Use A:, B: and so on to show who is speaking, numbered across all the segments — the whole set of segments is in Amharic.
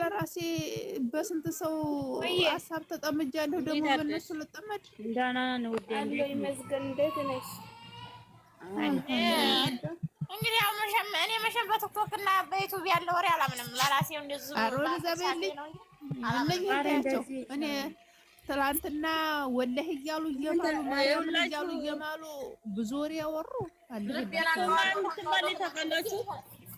A: ለራሴ በስንት ሰው ሀሳብ ተጠምጃለሁ። ደግሞ በእነሱ ልጠመድ እንግዲህ ያው
B: እኔ መቼም በቲክቶክ እና በዩቱብ ያለ ወሬ አላምንም። ለራሴ እንደዚህ እኔ ትላንትና ወላህ እያሉ እየማሉ ማርያምን እያሉ እየማሉ ብዙ ወሬ ያወሩ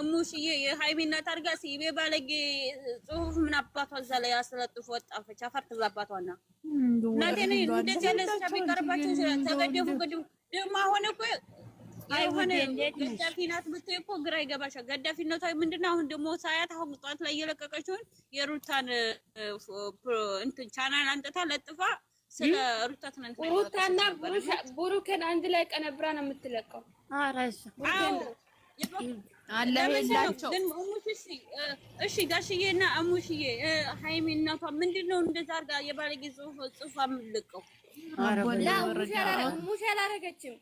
B: እሙሽዬ የሃይሚና ታርጋ ሲቤ ባለጌ ጽሁፍ ምን አባቷ እዛ ላይ አስለጥፎ ወጣፈች። አፈር ትብላባቷና እናቴን እንደዚህ ያለ ስቻ ቢቀርባቸው ተገደፉ። ግድ ደግሞ አሁን እኮ የሆነ ገዳፊ ናት ብትይ እኮ ግራ ይገባሻል። ገዳፊነቷ ምንድን ነው? አሁን ደግሞ ሳያት አሁን ጠዋት ላይ እየለቀቀችውን የሩታን እንትን ቻናል አንጥታ ለጥፋ ስለ ሩታ ትናንት ሩታና ቡሩከን አንድ ላይ ቀነብራ ነው የምትለቀው። አዎ አለላቸው እሺ፣ ጋሽዬና እሙሽዬ ሀይሚ እናቷ ምንድን ነው እንደዛ አድርጋ የባለጌ ጽሑፍ አምልቀው ሙሽ አላረገችም።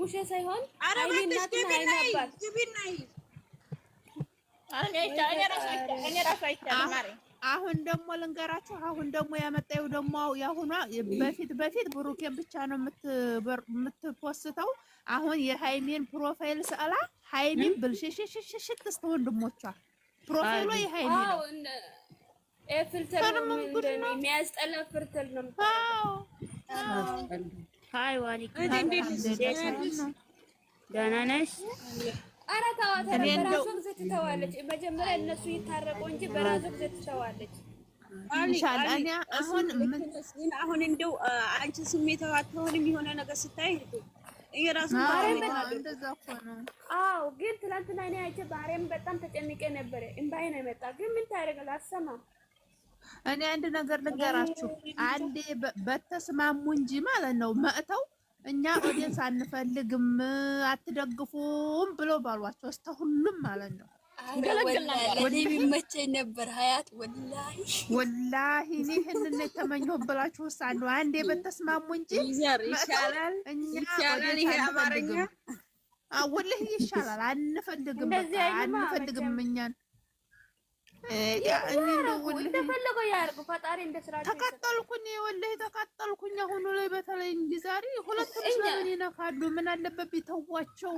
B: ሙሽ ሳይሆን አረግቢናይ አሁን ደግሞ ልንገራችሁ። አሁን ደግሞ ያመጣው ደግሞ ያሁኗ በፊት በፊት ብሩኬን ብቻ ነው የምትፖስተው። አሁን የሃይሚን ፕሮፋይል ሰላ ሃይሚን ብልሽሽሽሽሽት እስከ ወንድሞቿ ፕሮፋይሏ የሃይሜ ነው። ነው ደህና ነሽ? ኧረ ተዋት፣ ኧረ በራሱ ጊዜ ትተዋለች። መጀመሪያ እነሱ ይታረቁ እንጂ በራሱ ጊዜ ትተዋለች። አሁን እንደው አንቺ ስሜታው አትሆንም የሆነ ነገር ስታይ አዎ። ግን ትናንትና እኔ አይቼ ባህሪም በጣም ተጨንቄ ነበረ። እምባዬ ነው የመጣ። ግን ምን ታደርጋለህ? አትሰማም። እኔ አንድ ነገር ልንገራችሁ። አንዴ በተስማሙ እንጂ ማለት ነው መእተው እኛ ኦዲየንስ አንፈልግም አትደግፉም ብሎ ባሏቸው እስተ ሁሉም ማለት ነው። የሚመቸኝ ነበር ሀያት ወላሂ ወላሂ እኔ ይህንን የተመኘሁ ብላችሁ ውስጥ አንዴ በተስማሙ እንጂ ይሻላል። እኛ አማርኛ ወላሂ ይሻላል። አንፈልግም፣ አንፈልግም እኛን እንደፈለገው ያድርጉ። ፈጣሪ እንደ ስራቸው ተቀጠልኩኝ፣ ወላሂ ተቀጠልኩኝ። አሁኑ ላይ በተለይ እንዲህ ዛሬ ሁለቱም ስለምን ይነካሉ? ምን አለበት ቢተዋቸው።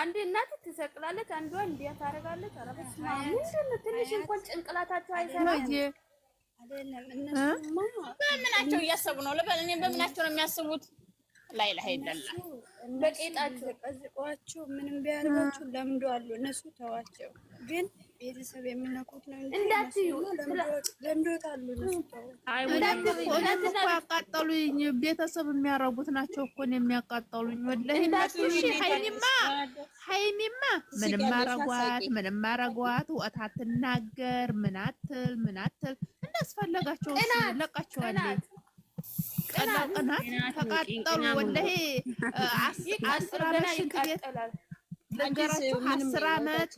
B: አንድ እናት ትሰቅላለች፣ አንዷ እንዲያ ታደርጋለች። ኧረ ትንሽ እንኳን ጭንቅላታቸው አይሰራም። በምናቸው እያሰቡ ነው ልበል? እኔ በምናቸው ነው የሚያስቡት? ላይ ላይ አይደለም በቄጣቸው ቀዝቋቸው ምንም ቢያደርጋቸው ለምደዋል። እነሱ ተዋቸው ግን ቤተሰብ የሚነኩት ነው እንዳትዩ ለምዶታሉ። ቤተሰብ የሚያረጉት ናቸው እኮ የሚያቃጠሉኝ። ሀይሚማ ሀይሚማ ምንም አረጓት ምንም አረጓት፣ ወታ አትናገር ምን አትል ምን አትል እንዳስፈለጋቸው ለቃቸዋለሁ። ቀላ ቅናት ተቃጠሉ ወላሂ አስራ ሽክቤት ነገራችሁ አስር አመት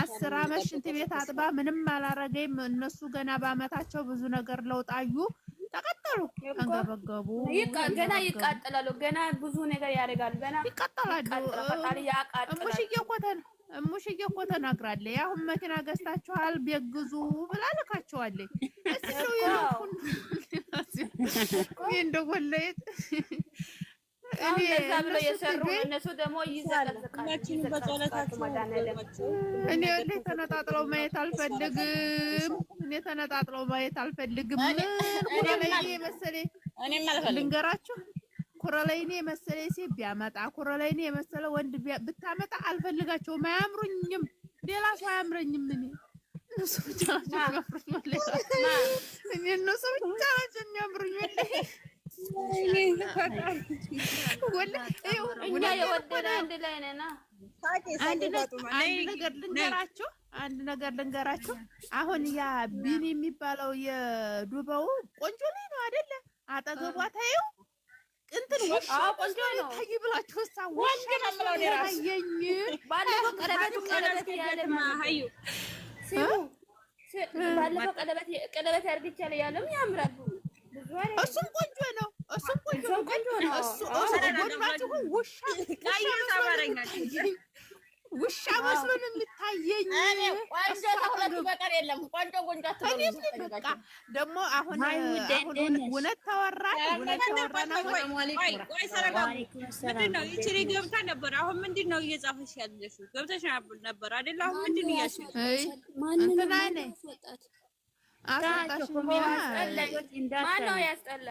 B: አስር አመት ሽንት ቤት አጥባ ምንም አላረገኝም። እነሱ ገና በአመታቸው ብዙ ነገር ለውጥ አዩ፣ ተቀጠሉ፣ ተንገበገቡ። ገና ይቃጠላሉ፣ ገና ብዙ ነገር ያደርጋሉ፣ ገና ይቃጠላሉ። ሙሽዬ እኮ ተን ሙሽዬ እኮ ተናግራለች። አሁን መኪና ገዝታችኋል ቤት ግዙ ብላ ልካችኋለች። እሱ ይሁን እንደወለየት እኔ እንደ ተነጣጥለው ማየት አልፈልግም። እኔ ተነጣጥለው ማየት አልፈልግም። ኩረለይኔ የመሰለኝ ልንገራችሁ፣ ኩረለይኔ የመሰለኝ ሴት ቢያመጣ ኩረለይኔ የመሰለ ወንድ ብታመጣ አልፈልጋቸውም፣ አያምሩኝም። ሌላ ሰው አያምረኝም። እኔ እነሱ ብቻ ናቸው የሚያምሩኝ። እኛ የወደደ አንድ ላይ ነና። አንድ ነገር ልንገራችሁ፣ አሁን ያ ቢኒ የሚባለው የዱባው ቆንጆ ላይ ነው አይደለ? አጠገቧ ታየው እንትን ውሻ ቆንጆ ነው ታይ ብላችሁ ሳ ወንድ ነው ብለው ባለፈው ቀለበት ቀለበት ያለ ማሃዩ ባለፈው ቀለበት ቀለበት ያርግቻለ ያለም ያምራሉ። እሱም ቆንጆ ነው። ውሻ መስሎ ነው የሚታየኝ። ቆንጆ ከሁለቱ በቀር የለም። ቆንጆ ቆንጆ ደግሞ አሁን እውነት ተወራ ገብታ ነበር። አሁን ምንድን ነው እየጻፈች ያለሽው? ገብተሽ ነበር አይደለ? አሁን ምንድን ነው ያስጠላ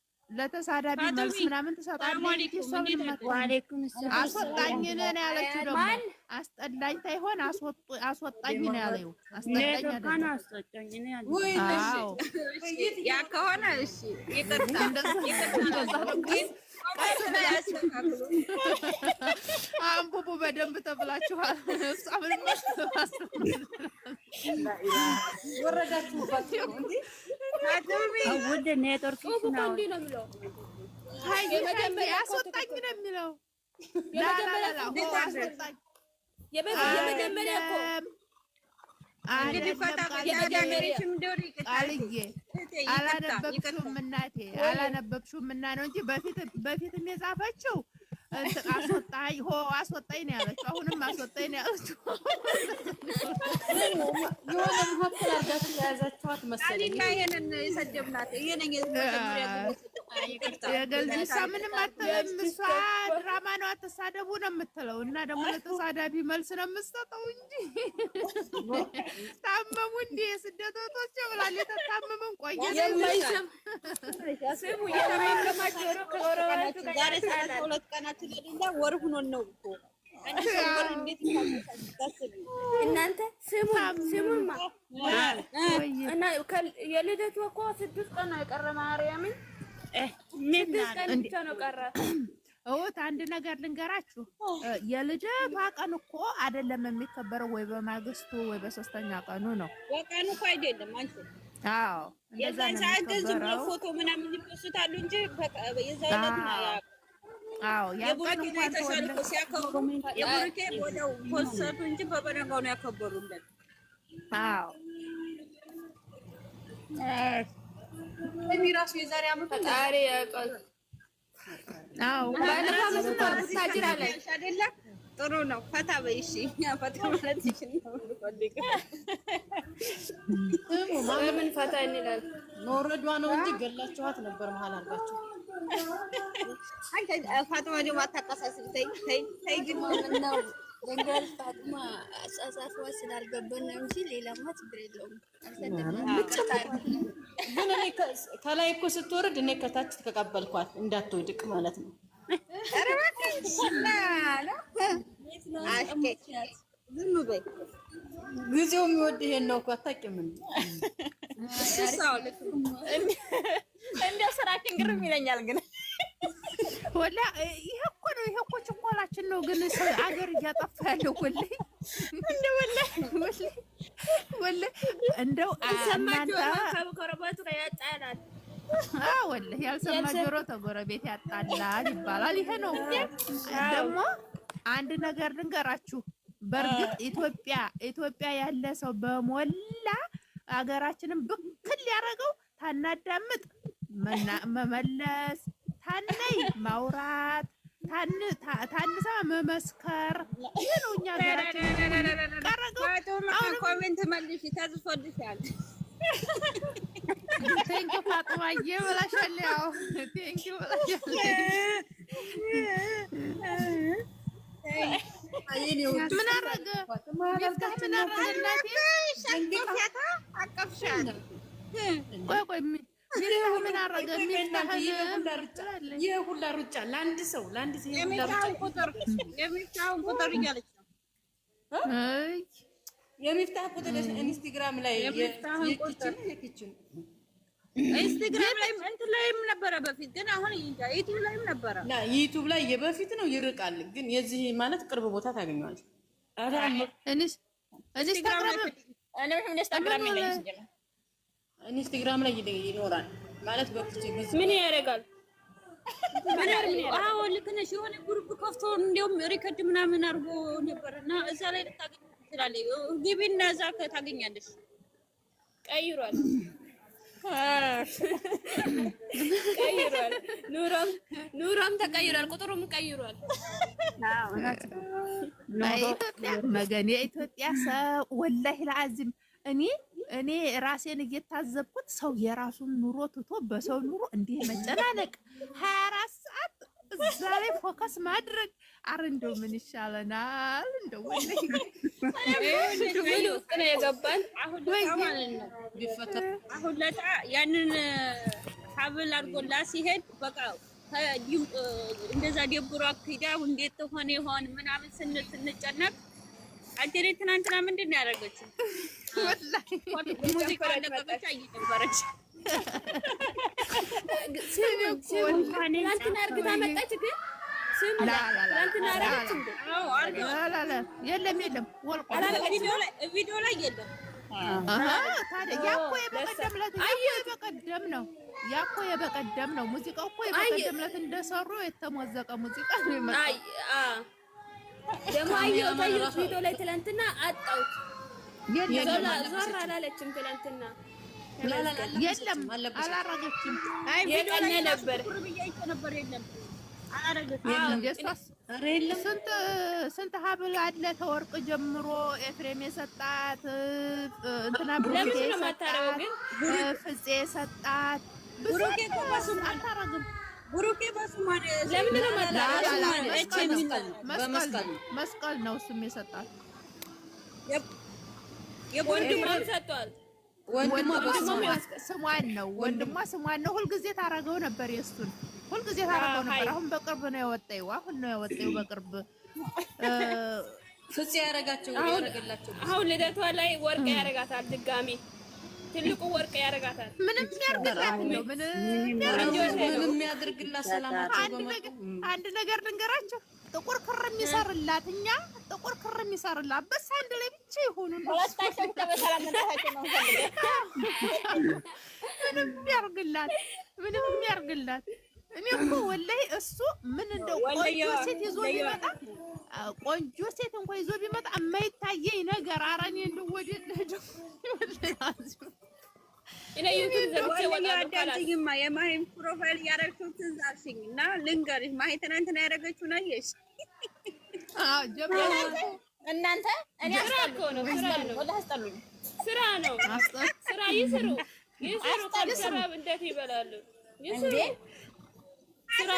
B: ለተሳዳቢ መልስ ምናምን ትሰጣለች። አስወጣኝ ነን ያለችው ደግሞ አስጠላኝ አስወጣኝ ነው ያለው። ያ ከሆነ እሺ በደንብ ተብላችኋል። ውድ እና የጦር አስወጣኝ ነው የሚለው የመጀመሪያ እኮ እንግዲህ አላነበብሽውም እናቴ አላነበብሽውም እና ነው እንጂ በፊትም የጻፈችው አስወጣኝ ሆ አስወጣኝ ነው ያለችው። አሁንም አስወጣኝ ነው ያለችው። የሆነ መካከል ይሄንን የሰደብናት የገልጅሳ ምንም አትልም እሷ ድራማ ነው አትሳደቡ ነው የምትለው እና ደግሞ ለተሳዳቢ መልስ ነው የምትሰጠው እንጂ ታመሙ የስደት ቆየ ስሙ ዛሬ ሰላሳ ሁለት ቀናችን ወር ሁኖን ነው እኮ እናንተ ስሙን ስሙን የልደቱ እኮ ስድስት ቀን ነው የቀረ። ማርያምን ስድስት ቀን ብቻ ነው ቀረ። እውት አንድ ነገር ልንገራችሁ። የልደቷ ቀን እኮ አይደለም የሚከበረው፣ ወይ በማግስቱ ወይ በሶስተኛ ቀኑ ነው። ቀኑ እኮ አይደለም። አንቺ አዎ፣ የዛን ሰዓት ዝም ብሎ ፎቶ ምናምን ይፖስታሉ እንጂ የዛ ዕለት ነው የቡርኪና የተሻለ ሲያከብሩ የቡርኬ ወደው ኮሰቱ እንጂ በበነጋው ነው ያከበሩለት። ራሱ የዛሬ ዓመት ጥሩ ነው። ፈታ በይ እሺ። ፈታ ማለት ምን ፈታ እንላለን? መውረዷ ነው እንጂ ገላችኋት ነበር መሀል አድርጋችሁ ፋጥማ ደግሞ አታቀሳስብ። ተይ ግን ነው በንጋል ፋጥማ አጻጻፏ ስላልገባን ነው እንጂ ሌላማ ችግር የለውም። ግን እኔ ከላይ እኮ ስትወርድ እኔ ከታች ተቀበልኳት እንዳትወድቅ ማለት ነው። ዝም በይ ጊዜው የሚወድ ይሄን ነው እኮ አታውቂም እንዲያው ስራችን ግርም ይለኛል። ግን ወላ ይሄ እኮ ነው፣ ይሄ እኮ ችኮላችን ነው። ግን አገር እያጠፋ ያለው ወላ እንደ ወላ ወላ እንደው ከጎረቤቱ ጋር ያጣላል። ወላ ያልሰማ ጆሮ ተጎረቤት ያጣላል ይባላል። ይሄ ነው ደግሞ አንድ ነገር ልንገራችሁ። በእርግጥ ኢትዮጵያ ኢትዮጵያ ያለ ሰው በሞላ አገራችንን ብክል ያደረገው ታናዳምጥ መመለስ፣ ታነይ ማውራት፣ ታንሰማ መመስከር። ይህ ነው እኛ ኮሜንት መልሽ ተዝፎልሻል። ቴንኪ ፋጥማዬ ብላሻል። ያው ቴንኪ ብላሻል። ምን አረገ ምን አረገ እናቴ? ቆይ ቆይ ሁላ ሩጫ ለአንድ ሰው ለአንድ ሰው የሚፍታህን ቁጥር እያለች ነው። የሚፍታህ ቁጥር ኢንስታግራም ላይ ኢንስታግራም ላይ እንትን ላይም ነበረ በፊት ግን አሁን ዩቱብ ላይም ነበረ። ዩቱብ ላይ የበፊት ነው ይርቃል፣ ግን የዚህ ማለት ቅርብ ቦታ ታገኘዋለህ። ኢንስታግራም ኢንስታግራም ላይ ይኖራል ማለት ምን ያደርጋል? አዎ ልክ ነሽ። የሆነ ግሩፕ ከፍቶ እንዲያውም ሪከርድ ምናምን አድርጎ ነበር እና እዛ ላይ ልታገኝ ትችላለች። ግቢና እዛ ታገኛለሽ። ቀይሯል ቀይሯል። ኑሮም ኑሮም ተቀይሯል። ቁጥሩም ቀይሯል። የኢትዮጵያ ሰው ወላሂ ለአዚም እኔ እኔ ራሴን እየታዘብኩት ሰው የራሱን ኑሮ ትቶ በሰው ኑሮ እንዲህ መጨናነቅ ሀያ አራት ሰዓት እዛ ላይ ፎከስ ማድረግ አረ እንደው ምን ይሻለናል? እንደው የገባን? አሁን ለታ ያንን ሀብል አድርጎላ ሲሄድ በቃ እንደዛ ደብሮ አክዳ እንዴት ሆነ ይሆን ምናምን ስንል ስንጨነቅ አጀሬ ትናንትና ምንድን ነው ያደረገችው? ሙዚቃ ለቀቀች፣ እየጨፈረች ግን የለም የለም፣ ቪዲዮ ላይ የለም። ታዲያ የበቀደም ነው። ያ እኮ የበቀደም ነው። ሙዚቃው እኮ የበቀደም ዕለት እንደሰሩ የተሞዘቀ ሙዚቃ ነው። ደግሞ አየሁት አየሁት ቪዲዮ ላይ ትናንትና አጣሁት። ዞር አላለችም ትናንትና የለም አላረገችም። ቪዲዮ ላይ ነበር ነበር የለም ስንት ሀብል አለ ተወርቅ ጀምሮ ኤፍሬም የሰጣት እንትና ብሩኬ የሰጣት ፍፄ የሰጣት አታረግም ብሩኬ መስቀል ነው እሱም የሰጣት ስሟን ነው ወንድሟ ስሟን ነው። ሁልጊዜ ታረገው ነበር የእሱን ሁልጊዜ ታረገው ነበር። አሁን በቅርብ ነው የወጣው። አሁን ነው የወጣው በቅርብ ፍፄ ያረጋቸው ያረገላቸው። አሁን ልደቷ ላይ ወርቅ ያረጋታል ድጋሜ ትልቁ ወርቅ ያደርጋታል። ምንም ያድርግላት ነው ምንም ያድርግላት። ሰላማቸው አንድ ነገር ልንገራቸው፣ ጥቁር ክር የሚሰርላት እኛ ጥቁር ክር የሚሰርላት በስ አንድ ላይ ብቻ ይሆኑ ምንም ያድርግላት፣ ምንም ያድርግላት። እኔ እኮ ወላሂ እሱ ምን እንደው ቆንጆ ሴት ይዞ ቢመጣ ቆንጆ ሴት እንኳን ይዞ ቢመጣ የማይታየኝ ነገር ኧረ እንደው ወደ ልጅ አዳምጪኝማ የማሂን ፕሮፋይል ያደረግሽው ትዝ አልሽኝ እና ልንገርሽ ማሂ ትናንትና ያደረገችውን አየሽ? እናንተ ስራ ነው ስራ ይስሩ ይስሩ። ከሰራ እንዴት ይበላሉ ይስሩ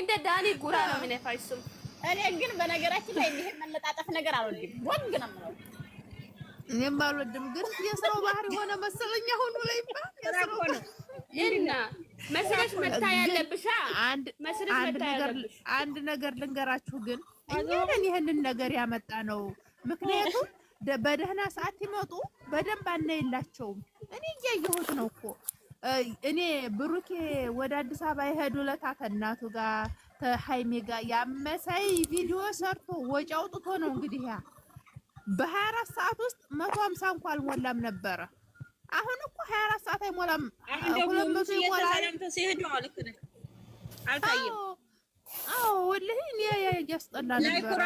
B: እንደ ዳኒ ጉራ ነው ምን እሱም። እኔ ግን በነገራችን ላይ ይሄ መለጣጠፍ ነገር አልወድም፣ ወግ ነው የምለው። እኔም አልወድም፣ ግን የሰው ባህሪ ሆነ መሰለኝ። አሁን ላይ እና መስለሽ መታ ያለብሻ አንድ ነገር አንድ ነገር ልንገራችሁ፣ ግን እኛንን ይህንን ነገር ያመጣ ነው። ምክንያቱም በደህና ሰዓት ይመጡ በደንብ አናይላቸውም። እኔ እያየሁት ነው እኮ እኔ ብሩኬ ወደ አዲስ አበባ የሄዱ ለታ ከእናቱ ጋር ከሀይሜ ጋር ያመሳይ ቪዲዮ ሰርቶ ወጪ አውጥቶ ነው እንግዲህ ያ በ24 ሰዓት ውስጥ መቶ ሀምሳ እንኳ አልሞላም ነበረ። አሁን እኮ 24 ሰዓት አይሞላም፣ ሁለት መቶ ይሞላል። አዎ ወላሂ እኔ እያስጠላ ነበረ።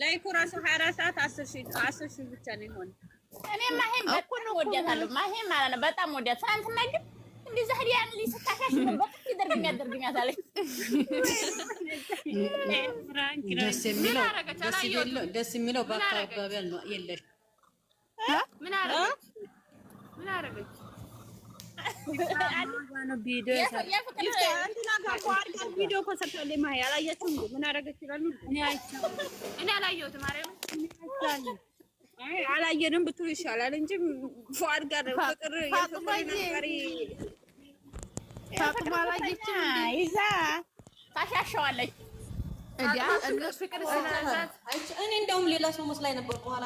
B: ላይኩ ራሱ ሀያ ሰዓት አስር ሺህ ብቻ ነው የሆነ እኔ ማሄም በጣም ወዳታለሁ። ማሄም ማለት ነው በጣም ወዳት ትናንትና ግን እንደ ዛሬ ያን ልጅ ስታሻሽ በቅት ይደርግኛ ያደርግኛት አለኝ። ደስ የሚለው በአካባቢያል ነው የለሽ ምን አረገች? ምን አረገች? ቪዲዮ እኔ አላየሁትም። አላየንም ብትሉ ይሻላል እንጂ ፏድ ጋር ፍቅር ፋጡማ አላየች ይዛ ታሻሸዋለች። እነሱ ፍቅር ስላላት እኔ እንደውም ሌላ ሰው መስላኝ ነበር። በኋላ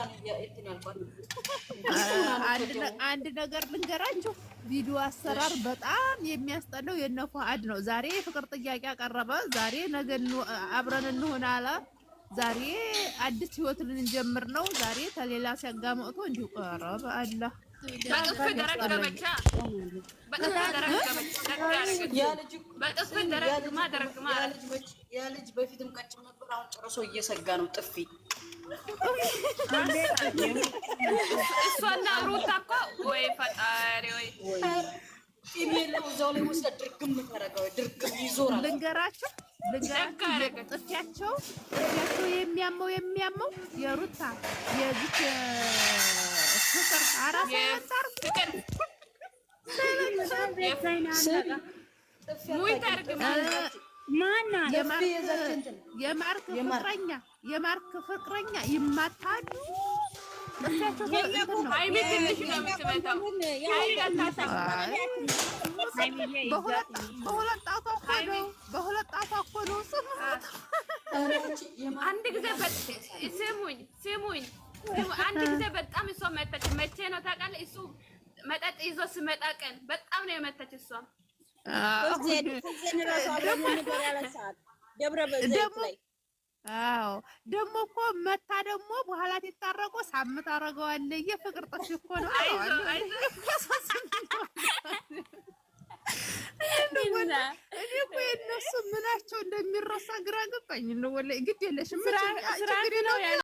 B: አንድ ነገር ልንገራችሁ፣ ቪዲዮ አሰራር በጣም የሚያስጠላው የእነ ፉአድ ነው። ዛሬ ፍቅር ጥያቄ አቀረበ፣ ዛሬ ነገ አብረን እንሆን አለ ዛሬ አዲስ ህይወት ልንጀምር ነው። ዛሬ ተሌላ ሲያጋ መጥቶ እንዲሁ ቀረበ አለ። ያ ልጅ በፊትም ነበር፣ አሁን ጨርሶ እየሰጋ ነው ጥፊ። እሷና ሩታ እኮ ወይ ፈጣሪ ወይ እዛው ላይ ድርግም ታደርገው ድርግም ይዞራል ልንገራቸው ልጋጥቻቸው እጃቸው የሚያመው የሚያመው የሩታ የዚች ፍቅር አራሳ ወጣር የማርክ ፍቅረኛ የማርክ ፍቅረኛ ይማታሉ። በሁለት ጣቷ እኮ ነው። አንድ ጊዜ ስሙኝ አንድ ጊዜ በጣም እሷ መተች። መቼ ነው ታውቃለህ? እሱ መጠጥ ይዞ ስመጣ ቀን በጣም ነው የመተች እሷ ደግሞ አዎ ደግሞ እኮ መታ ደግሞ በኋላ ሲታረቁ ሳምት አደርገዋለሁ። የፍቅር ጥፊ እኮ ነው። እኔ እኮ የእነሱ ምናቸው እንደሚረሳ ግራ ገባኝ። ግድ የለሽም ችግር የለው